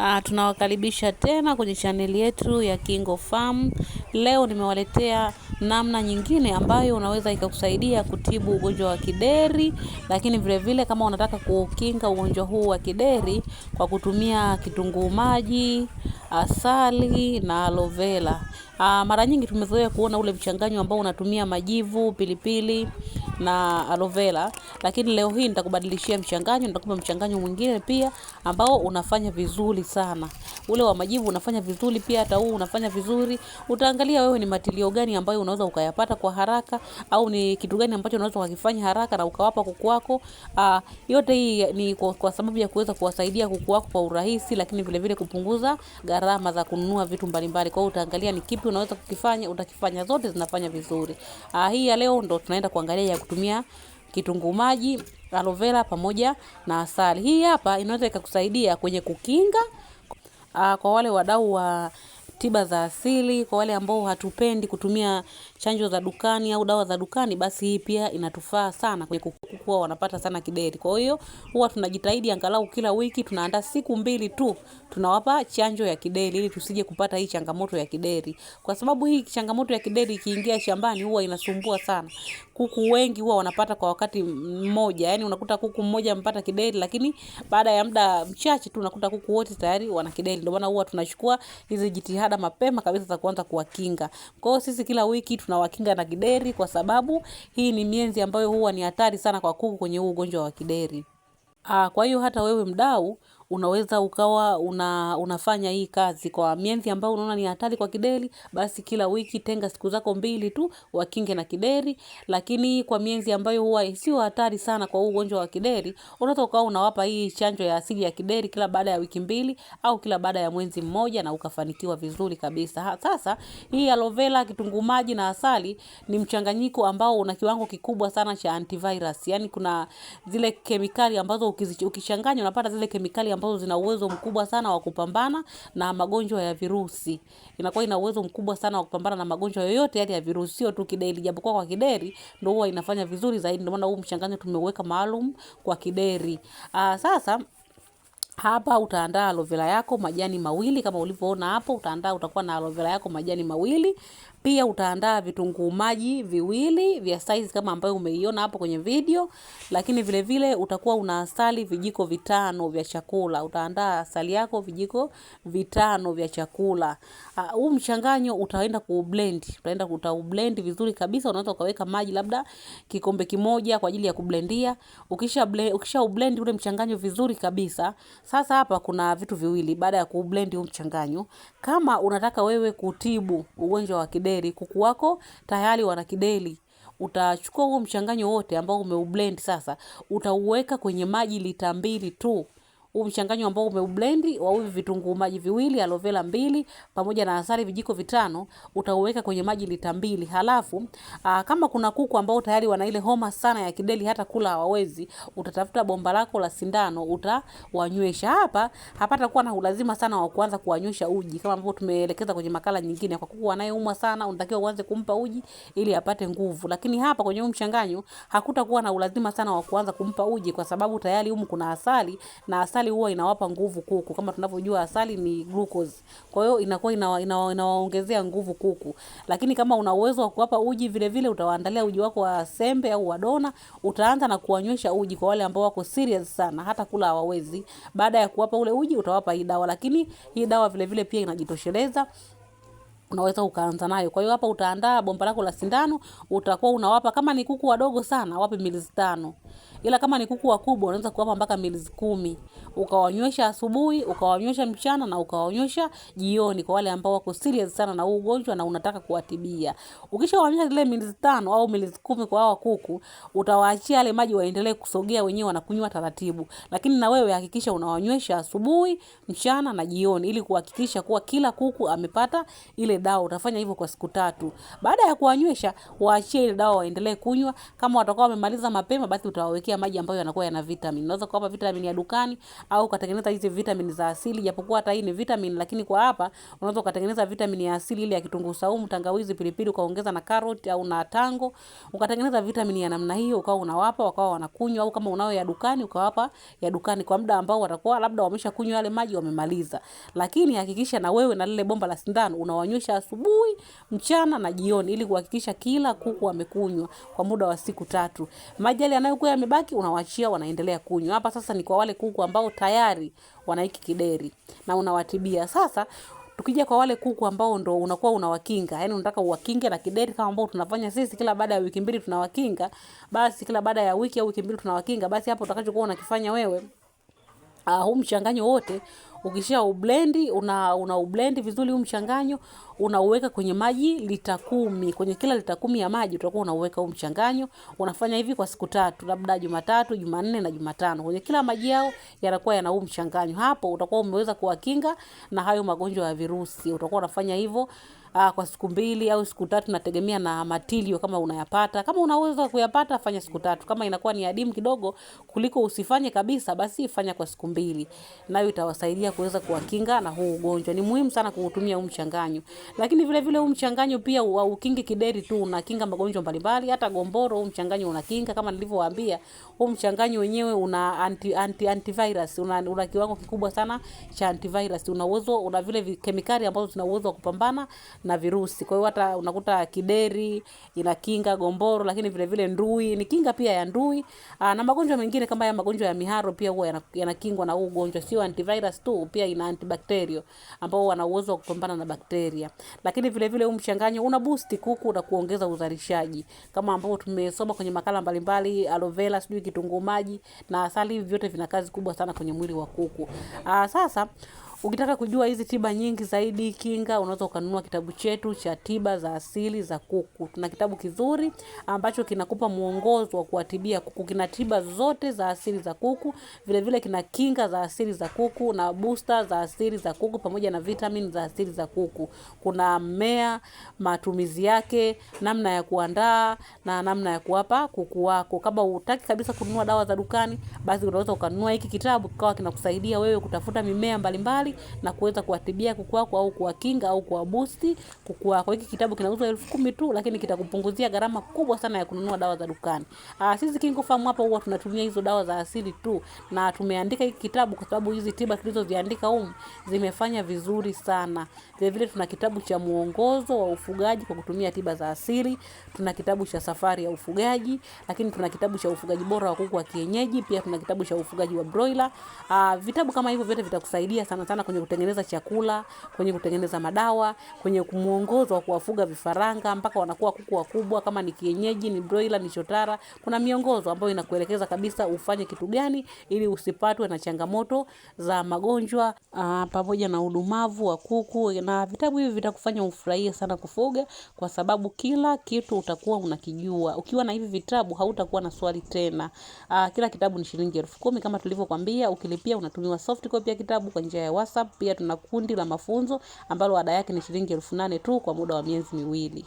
Uh, tunawakaribisha tena kwenye chaneli yetu ya Kingo Farm. Leo nimewaletea namna nyingine ambayo unaweza ikakusaidia kutibu ugonjwa wa kideri, lakini vile vile kama unataka kuukinga ugonjwa huu wa kideri kwa kutumia kitunguu maji asali na aloe vera. Ah, mara nyingi tumezoea kuona ule mchanganyo ambao unatumia majivu, pilipili na aloe vera, lakini leo hii nitakubadilishia mchanganyo, nitakupa mchanganyo mwingine pia ambao unafanya vizuri sana. Ule wa majivu unafanya vizuri pia, hata huu unafanya vizuri. Utaangalia wewe ni matilio gani ambayo unaweza ukayapata kwa haraka, au ni kitu gani ambacho unaweza ukakifanya haraka na ukawapa kuku wako. Ah, yote hii ni kwa, kwa sababu ya kuweza kuwasaidia kuku wako kwa urahisi, lakini vile vile kupunguza gharama gharama za kununua vitu mbalimbali. Kwa hiyo utaangalia ni kipi unaweza kukifanya, utakifanya. Zote zinafanya vizuri. Ah, hii ya leo ndo tunaenda kuangalia ya kutumia kitunguu maji, aloe vera pamoja na asali. Hii hapa inaweza ikakusaidia kwenye kukinga, ah, kwa wale wadau wa tiba za asili. Kwa wale ambao hatupendi kutumia chanjo za dukani au dawa za dukani, basi hii pia inatufaa sana. Kwenye kuku wanapata sana kideri, kwa hiyo huwa tunajitahidi angalau kila wiki tunaandaa siku mbili tu tunawapa chanjo ya kideri, ili tusije kupata hii changamoto ya kideri, kwa sababu hii changamoto ya kideri ikiingia shambani huwa inasumbua sana. Kuku wengi huwa wanapata kwa wakati mmoja, yani unakuta kuku mmoja amepata kideri, lakini baada ya muda mchache tu unakuta kuku wote tayari wana kideri. Ndio maana huwa tunachukua hizi jitihada ada mapema kabisa za kuanza kuwakinga. Kwa hiyo sisi kila wiki tunawakinga na kideri, kwa sababu hii ni mienzi ambayo huwa ni hatari sana kwa kuku kwenye huu ugonjwa wa kideri. Aa, ah, kwa hiyo hata wewe mdau unaweza ukawa una, unafanya hii kazi kwa mienzi ambayo unaona ni hatari kwa kideri, basi kila wiki tenga siku zako mbili tu wakinge na kideri. Lakini kwa mienzi ambayo huwa sio hatari sana kwa huu ugonjwa wa kideri, unaweza ukawa unawapa hii chanjo ya asili ya kideri kila baada ya wiki mbili au kila baada ya mwezi mmoja na ukafanikiwa vizuri kabisa. Ha, sasa hii aloe vera, kitunguu maji na asali ni mchanganyiko ambao una kiwango kikubwa sana cha antivirus. Yani kuna zile kemikali ambazo ukichanganya unapata zile kemikali ambazo zina uwezo mkubwa sana wa kupambana na magonjwa ya virusi. Inakuwa ina uwezo mkubwa sana wa kupambana na magonjwa yoyote yale ya virusi, sio tu kideri, japokuwa kwa kideri ndio huwa inafanya vizuri zaidi. Ndio maana huu mchanganyo tumeuweka maalum kwa kideri. Aa, ah, sasa hapa utaandaa aloe vera yako majani mawili kama ulivyoona hapo, utaandaa utakuwa na aloe vera yako majani mawili pia utaandaa vitunguu maji viwili vya size kama ambayo umeiona hapo kwenye video, lakini vile vile utakuwa una asali vijiko vitano vya chakula. Utaandaa asali yako vijiko vitano vya chakula. Ah, huu uh, mchanganyo utaenda ku blend, utaenda kuta blend vizuri kabisa. Unaweza ukaweka maji labda kikombe kimoja kwa ajili ya kublendia. Ukisha blend, ukisha blend ule mchanganyo vizuri kabisa. Sasa hapa kuna vitu viwili baada ya kublend huu mchanganyo. Kama unataka wewe kutibu ugonjwa wa kide, kideli. kuku wako tayari wana kideli Utachukua huo mchanganyo wote ambao umeublend sasa, utauweka kwenye maji lita mbili tu huu mchanganyo ambao umeublendi wa hivi vitunguu maji viwili, aloe vera mbili pamoja na asali vijiko vitano, utauweka kwenye maji lita mbili. Halafu aa, ah, kama kuna kuku ambao tayari wana ile homa sana ya kideli hata kula hawawezi, utatafuta bomba lako la sindano utawanywesha. Hapa hapata kuwa na ulazima sana wa kuanza kuwanywesha uji kama ambavyo tumeelekeza kwenye makala nyingine. Kwa kuku anayeumwa sana, unatakiwa uanze kumpa uji ili apate nguvu, lakini hapa kwenye huu mchanganyo hakutakuwa na ulazima sana wa kuanza kumpa uji kwa sababu tayari humu kuna asali na asali asali huwa inawapa nguvu kuku, kama tunavyojua asali ni glucose, kwa hiyo inakuwa inawaongezea nguvu kuku. Lakini kama una uwezo wa kuwapa uji vile vile, utawaandalia uji wako wa sembe au wa dona, utaanza na kuwanywesha uji. Kwa wale ambao wako serious sana, hata kula hawawezi, baada ya kuwapa ule uji utawapa hii dawa, lakini hii dawa vile vile pia inajitosheleza unaweza ukaanza nayo. Kwa hiyo hapa utaandaa bomba lako la sindano, utakuwa unawapa kama ni kuku wadogo sana, wape mililita tano. Ila kama ni kuku wakubwa unaweza kuwapa mpaka meals kumi, ukawanywesha asubuhi, ukawanywesha mchana na ukawanywesha jioni, kwa wale ambao wako serious sana na huu ugonjwa na unataka kuwatibia. Ukishawanywesha zile meals tano au meals kumi kwa hawa kuku, utawaachia yale maji waendelee kusogea wenyewe, wanakunywa taratibu. Lakini na wewe hakikisha unawanywesha asubuhi, mchana na jioni, ili kuhakikisha kuwa kila kuku amepata ile dawa. Utafanya hivyo kwa siku tatu. Baada ya kuwanywesha, waachie ile dawa waendelee kunywa. Kama watakuwa wamemaliza mapema, basi utawaweka kupikia maji ambayo yanakuwa yana vitamin. Unaweza kuwapa vitamin ya dukani au ukatengeneza hizi vitamin za asili, japokuwa hata hii ni vitamin, lakini kwa hapa unaweza ukatengeneza vitamin ya asili ile ya kitunguu saumu, tangawizi, pilipili, ukaongeza na carrot au na tango, ukatengeneza vitamin ya namna hiyo, ukawa unawapa wakawa wanakunywa, au kama unao ya dukani ukawapa ya dukani kwa muda ambao watakuwa labda wameshakunywa yale maji wamemaliza. Lakini hakikisha na wewe na lile bomba la sindano unawanywesha asubuhi, mchana na jioni, ili kuhakikisha kila kuku amekunywa kwa muda wa siku tatu maji yale yanayokuwa yamebaki Waliobaki unawachia wanaendelea kunywa. Hapa sasa ni kwa wale kuku ambao tayari wanaiki kideri na unawatibia. Sasa tukija kwa wale kuku ambao ndo unakuwa unawakinga, yani unataka uwakinge na kideri kama ambao tunafanya sisi, kila baada ya wiki mbili tunawakinga, basi kila baada ya wiki au wiki mbili tunawakinga, basi hapo utakachokuwa unakifanya wewe, uh, ah, huu mchanganyo wote Ukisha ublendi, una, una ublendi vizuri huu mchanganyo, unauweka kwenye maji lita kumi. Kwenye kila lita kumi ya maji utakuwa unauweka huu mchanganyo. Unafanya hivi kwa siku tatu, labda Jumatatu, Jumanne na Jumatano. Kwenye kila maji yao yanakuwa yana huu mchanganyo. Hapo utakuwa umeweza kuwakinga na hayo magonjwa ya virusi. Utakuwa unafanya hivyo uh, kwa siku mbili au siku tatu, nategemea na matilio kama unayapata. Kama unaweza kuyapata fanya siku tatu, kama inakuwa ni adimu kidogo kuliko usifanye kabisa, basi fanya kwa siku mbili, nayo itawasaidia kuweza kuwakinga na huu ugonjwa. Ni muhimu sana kuutumia huu mchanganyo, lakini vile vile huu mchanganyo pia haukingi kideri tu, unakinga magonjwa mbalimbali, hata gomboro huu mchanganyo unakinga. Kama nilivyowaambia, huu mchanganyo wenyewe una anti, anti, antivirus una, una kiwango kikubwa sana cha antivirus, una uwezo una vile kemikali ambazo zina uwezo wa kupambana na virusi. Kwa hiyo hata unakuta kideri inakinga gomboro, lakini vile vile ndui ni kinga pia ya ndui. Aa, ah, na magonjwa mengine kama ya magonjwa ya miharo pia huwa yanakingwa na huu ugonjwa, sio antivirus tu, pia ina antibacterial ambao wana uwezo wa kupambana na bakteria. Lakini vile vile huu mchanganyo una boost kuku na kuongeza uzalishaji kama ambavyo tumesoma kwenye makala mbalimbali, aloe vera, sijui kitunguu maji na asali, vyote vina kazi kubwa sana kwenye mwili wa kuku. Aa, ah, sasa Ukitaka kujua hizi tiba nyingi zaidi kinga, unaweza ukanunua kitabu chetu cha tiba za asili za kuku. Tuna kitabu kizuri ambacho kinakupa mwongozo wa kuwatibia kuku, kina tiba zote za asili za kuku, vile vile kina kinga za asili za kuku na booster za asili za kuku pamoja na vitamin za asili za kuku. Kuna mmea, matumizi yake, namna ya kuandaa na namna ya kuwapa kuku wako. Kama hutaki kabisa kununua dawa za dukani, basi unaweza ukanunua hiki kitabu kikawa kinakusaidia wewe kutafuta mimea mbalimbali mbali hospitali na kuweza kuwatibia kuku wako au kuwakinga au kuwabusti kuku wako. Hiki kitabu kinauzwa elfu kumi tu, lakini kitakupunguzia gharama kubwa sana ya kununua dawa za dukani. Ah, sisi Kingo Farm hapa huwa tunatumia hizo dawa za asili tu, na tumeandika hiki kitabu kwa sababu hizi tiba tulizoziandika humu zimefanya vizuri sana. Vile vile tuna kitabu cha muongozo wa ufugaji kwa kutumia tiba za asili, tuna kitabu cha safari ya ufugaji, lakini tuna kitabu cha ufugaji bora wa kuku wa kienyeji, pia tuna kitabu cha ufugaji wa broiler. Ah, vitabu kama hivyo vyote vitakusaidia sana sana sana kwenye kutengeneza chakula, kwenye kutengeneza madawa, kwenye muongozo wa kuwafuga vifaranga mpaka wanakuwa kuku wakubwa, kama ni kienyeji, ni broiler, ni chotara. Kuna miongozo ambayo inakuelekeza kabisa ufanye kitu gani ili usipatwe na changamoto za magonjwa ah, pamoja na udumavu wa kuku. Na vitabu hivi vitakufanya ufurahie sana kufuga, kwa sababu kila kitu utakuwa unakijua. Ukiwa na hivi vitabu hautakuwa na swali tena. Aa, ah, kila kitabu ni shilingi elfu kumi kama tulivyokwambia, ukilipia unatumiwa soft copy ya kitabu kwa njia ya WhatsApp. Pia tuna kundi la mafunzo ambalo ada yake ni shilingi elfu nane tu kwa muda wa miezi miwili.